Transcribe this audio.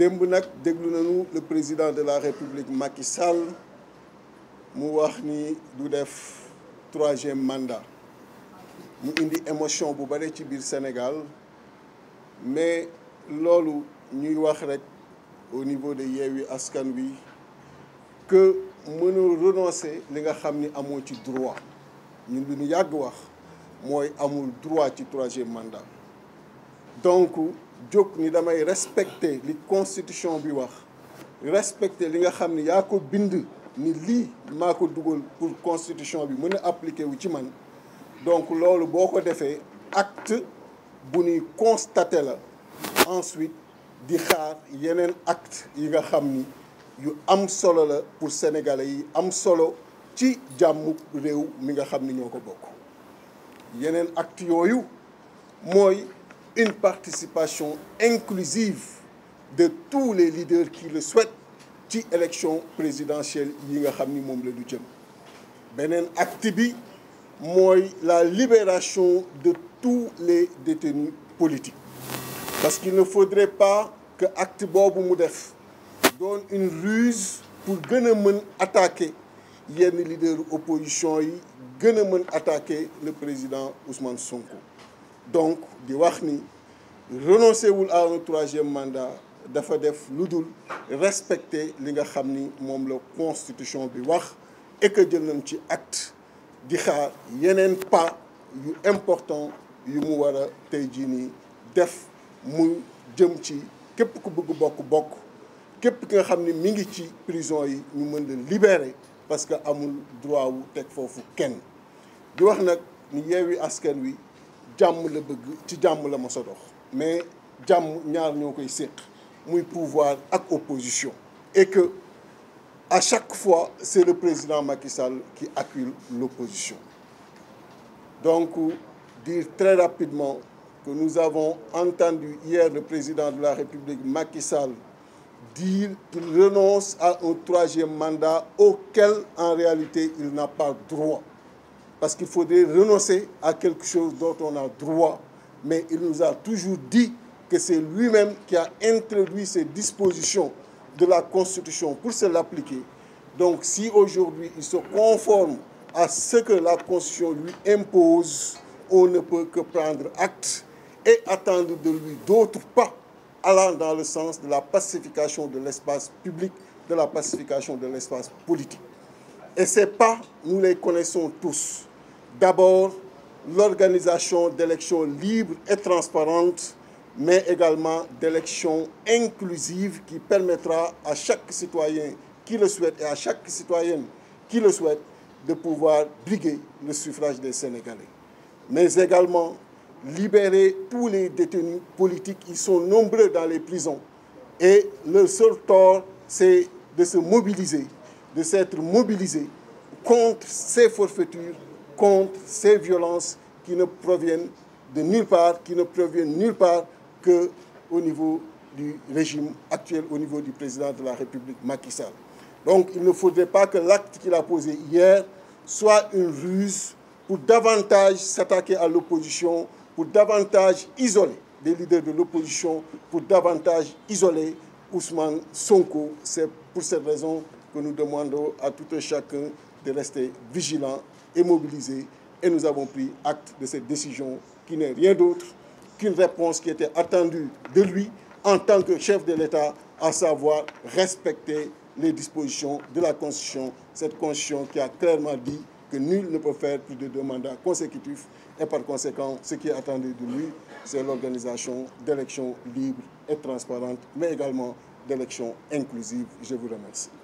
démb nag déglu nañu le président de la république Macky Sall mu wax ni du def troisième mandat mu indi émotion bu bare ci biir Sénégal mais loolu ñuy wax rek au niveau de Yewwi Askan Wi que mënul renoncer li nga xam ni amoo ci droit ñun lu ñu yàgg wax mooy amul droit ci troisième mandat donc jóg ni damay respecter li constitution bi wax respecter li nga xam ni yaa ko bind ni lii maa ko dugal pour constitution bi mën a appliquer wu ci man donc loolu boo ko defee acte bu ñuy constater la ensuite di xaar yeneen acte yi nga xam ni yu am solo la pour sénégalais yi am solo ci jàmmu réew mi nga xam ni ñoo ko bokk yeneen acte yooyu mooy une participation inclusive de tous les leaders qui le souhaitent ci élection présidentielle yi nga xam ni moom la du jëm beneen acte bi mooy la libération de tous les détenus politiques parce qu'il ne faudrait pas que acte boobu mu def doon une ruse pour gën a mën attaquer yenn leader opposition yi gën a mën attaquer le président Ousmane Sonko donc di wax ni renoncer wul à troisième mandat dafa def lu dul respecter li nga xam ni moom la constitution bi wax et jël nañ ci acte di xaar yeneen pas yu important yu mu war a tey jii nii def mu jëm ci képp ku bëgg bokk bokk képp ki nga xam ni mi ngi ci prison yi ñu mën leen libérer parce que amul droit wu teg foofu kenn di wax nag ni Yewwi Askan Wi. jàmm la bëgg ci jàmm la mos mais jàmm ñaar ñoo koy séq muy pouvoir ak opposition et que à chaque fois c'est le président Macky Sall qui accule l'opposition donc dire très rapidement que nous avons entendu hier le président de la République Macky Sall qu'il renonce à un troisième mandat auquel en réalité il n'a pas droit parce qu'il faudrait renoncer à quelque chose dont on a droit. Mais il nous a toujours dit que c'est lui-même qui a introduit ces dispositions de la Constitution pour se l'appliquer. Donc si aujourd'hui il se conforme à ce que la Constitution lui impose, on ne peut que prendre acte et attendre de lui d'autres pas allant dans le sens de la pacification de l'espace public, de la pacification de l'espace politique. Et ces pas, nous les connaissons tous. D'abord, l'organisation d'élections libres et transparentes, mais également d'élections inclusives qui permettra à chaque citoyen qui le souhaite et à chaque citoyenne qui le souhaite de pouvoir briguer le suffrage des Sénégalais. Mais également libérer tous les détenus politiques. Ils sont nombreux dans les prisons. Et leur seul tort, c'est de se mobiliser, de s'être mobilisés contre ces forfaitures contre ces violences qui ne proviennent de nulle part, qui ne proviennent nulle part que au niveau du régime actuel, au niveau du président de la République, Macky Sall. Donc il ne faudrait pas que l'acte qu'il a posé hier soit une ruse pour davantage s'attaquer à l'opposition, pour davantage isoler les leaders de l'opposition, pour davantage isoler Ousmane Sonko. C'est pour cette raison que nous demandons à tout un chacun de rester vigilant et mobilisés et nous avons pris acte de cette décision qui n'est rien d'autre qu'une réponse qui était attendue de lui en tant que chef de l'État, à savoir respecter les dispositions de la Constitution, cette Constitution qui a clairement dit que nul ne peut faire plus de deux mandats consécutifs et par conséquent, ce qui est attendu de lui, c'est l'organisation d'élections libres et transparentes, mais également d'élections inclusives. Je vous remercie.